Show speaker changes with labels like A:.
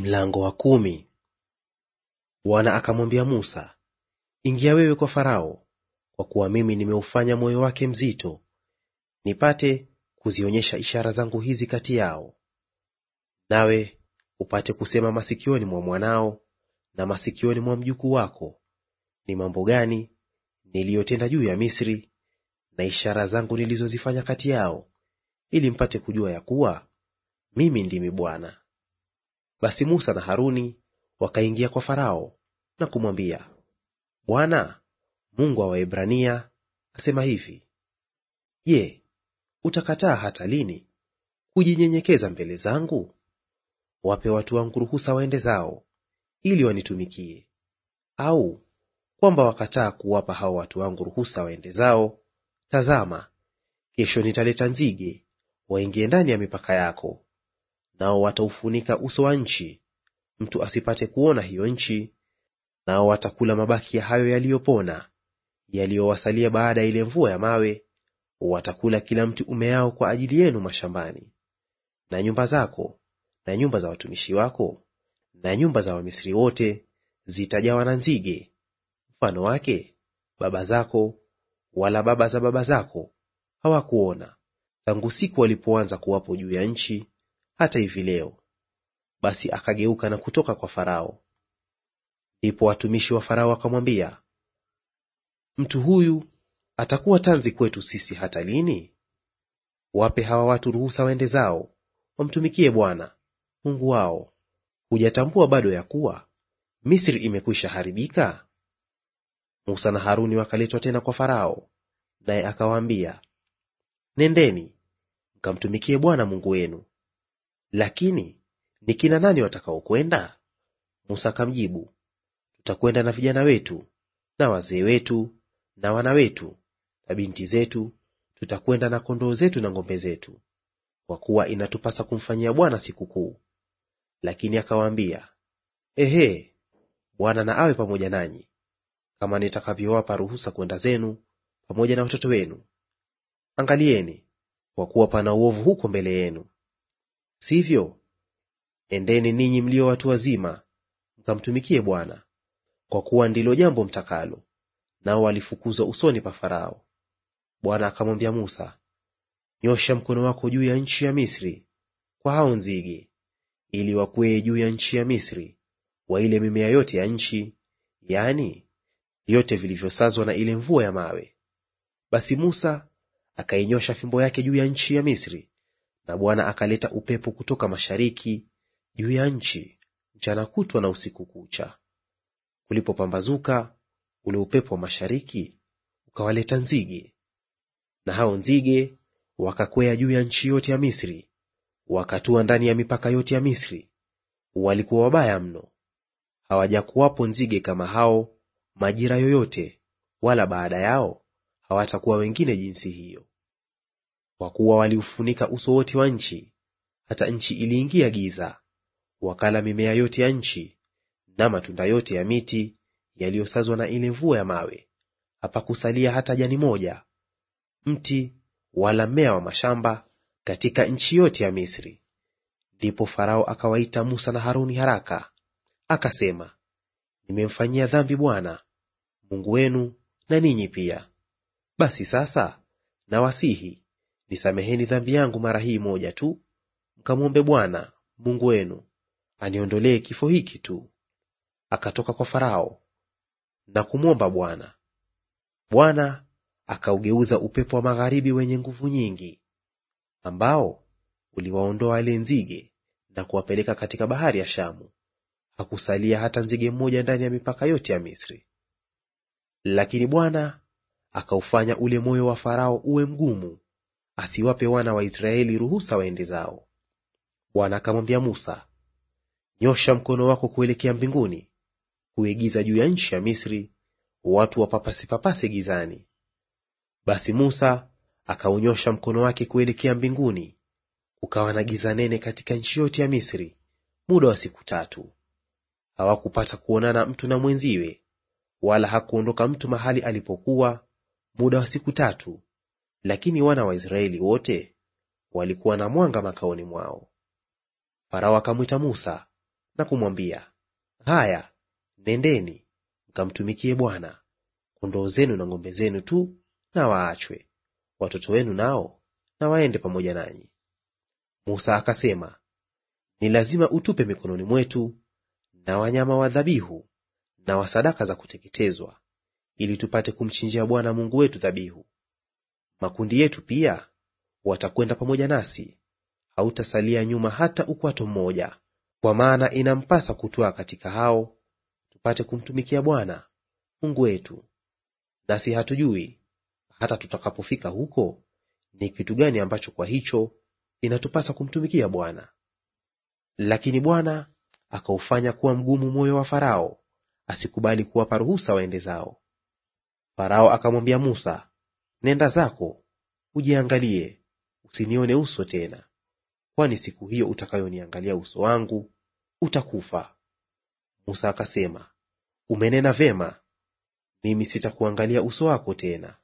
A: Mlango wa kumi. Bwana akamwambia Musa, ingia wewe kwa Farao, kwa kuwa mimi nimeufanya moyo wake mzito, nipate kuzionyesha ishara zangu hizi kati yao, nawe upate kusema masikioni mwa mwanao na masikioni mwa mjukuu wako, ni mambo gani niliyotenda juu ya Misri na ishara zangu nilizozifanya kati yao, ili mpate kujua ya kuwa mimi ndimi Bwana. Basi Musa na Haruni wakaingia kwa Farao na kumwambia, Bwana Mungu wa Waebrania asema hivi, Je, utakataa hata lini kujinyenyekeza mbele zangu? Wape watu wangu ruhusa waende zao, ili wanitumikie; au kwamba wakataa kuwapa hao watu wangu ruhusa waende zao, tazama, kesho nitaleta nzige waingie ndani ya mipaka yako, nao wataufunika uso wa nchi, mtu asipate kuona hiyo nchi. Nao watakula mabaki ya hayo yaliyopona yaliyowasalia baada ya ile mvua ya mawe, watakula kila mti umeao kwa ajili yenu mashambani. Na nyumba zako na nyumba za watumishi wako na nyumba za Wamisri wote zitajawa na nzige, mfano wake baba zako wala baba za baba zako hawakuona, tangu siku walipoanza kuwapo juu ya nchi hata hivi leo. Basi akageuka na kutoka kwa Farao. Ndipo watumishi wa Farao wakamwambia, mtu huyu atakuwa tanzi kwetu sisi hata lini? Wape hawa watu ruhusa waende zao, wamtumikie Bwana Mungu wao. Hujatambua bado ya kuwa Misri imekwisha haribika? Musa na Haruni wakaletwa tena kwa Farao, naye akawaambia, nendeni mkamtumikie Bwana Mungu wenu. Lakini ni kina nani watakaokwenda? Musa akamjibu, tutakwenda na vijana wetu na wazee wetu na wana wetu na binti zetu, tutakwenda na kondoo zetu na ng'ombe zetu, kwa kuwa inatupasa kumfanyia Bwana sikukuu. Lakini akawaambia, ehe, Bwana na awe pamoja nanyi, kama nitakavyowapa ruhusa kwenda zenu pamoja na watoto wenu. Angalieni, kwa kuwa pana uovu huko mbele yenu sivyo? Endeni ninyi mlio watu wazima, mkamtumikie Bwana, kwa kuwa ndilo jambo mtakalo. Nao walifukuzwa usoni pa Farao. Bwana akamwambia Musa, nyosha mkono wako juu ya nchi ya Misri kwa hao nzige, ili wakwee juu ya nchi ya Misri, waile mimea yote ya nchi, yaani vyote vilivyosazwa na ile mvua ya mawe. Basi Musa akainyosha fimbo yake juu ya nchi ya Misri, na Bwana akaleta upepo kutoka mashariki juu ya nchi mchana kutwa na usiku kucha. Kulipopambazuka, ule upepo wa mashariki ukawaleta nzige, na hao nzige wakakwea juu ya nchi yote ya Misri, wakatua ndani ya mipaka yote ya Misri. Walikuwa wabaya mno, hawajakuwapo nzige kama hao majira yoyote, wala baada yao hawatakuwa wengine jinsi hiyo. Kwa kuwa waliufunika uso wote wa nchi, hata nchi iliingia giza. Wakala mimea yote ya nchi na matunda yote ya miti yaliyosazwa na ile mvua ya mawe; hapakusalia hata jani moja, mti wala mmea wa mashamba katika nchi yote ya Misri. Ndipo Farao akawaita Musa na Haruni haraka, akasema, Nimemfanyia dhambi Bwana Mungu wenu na ninyi pia. Basi sasa nawasihi nisameheni dhambi yangu mara hii moja tu, mkamwombe Bwana Mungu wenu aniondolee kifo hiki tu. Akatoka kwa Farao na kumwomba Bwana. Bwana akaugeuza upepo wa magharibi wenye nguvu nyingi, ambao uliwaondoa wale nzige na kuwapeleka katika bahari ya Shamu. Hakusalia hata nzige mmoja ndani ya mipaka yote ya Misri. Lakini Bwana akaufanya ule moyo wa Farao uwe mgumu, asiwape wana wa Israeli ruhusa waende zao. Bwana akamwambia Musa, nyosha mkono wako kuelekea mbinguni, kuigiza juu ya nchi ya Misri, watu wapapase papase gizani. Basi Musa akaunyosha mkono wake kuelekea mbinguni, kukawa na giza nene katika nchi yote ya Misri muda wa siku tatu. Hawakupata kuonana mtu na mwenziwe, wala hakuondoka mtu mahali alipokuwa muda wa siku tatu, lakini wana wa Israeli wote walikuwa na mwanga makaoni mwao. Farao akamwita Musa na kumwambia, haya, nendeni mkamtumikie Bwana, kondoo zenu na ng'ombe zenu tu na waachwe, watoto wenu nao na waende pamoja nanyi. Musa akasema, ni lazima utupe mikononi mwetu na wanyama wa dhabihu na wa sadaka za kuteketezwa, ili tupate kumchinjia Bwana Mungu wetu dhabihu. Makundi yetu pia watakwenda pamoja nasi, hautasalia nyuma hata ukwato mmoja. Kwa maana inampasa kutwaa katika hao, tupate kumtumikia Bwana Mungu wetu. Nasi hatujui hata tutakapofika huko, ni kitu gani ambacho kwa hicho inatupasa kumtumikia Bwana. Lakini Bwana akaufanya kuwa mgumu moyo wa Farao, asikubali kuwapa ruhusa waende zao. Farao akamwambia Musa, Nenda zako ujiangalie, usinione uso tena, kwani siku hiyo utakayoniangalia uso wangu utakufa. Musa akasema, umenena vema, mimi sitakuangalia uso wako tena.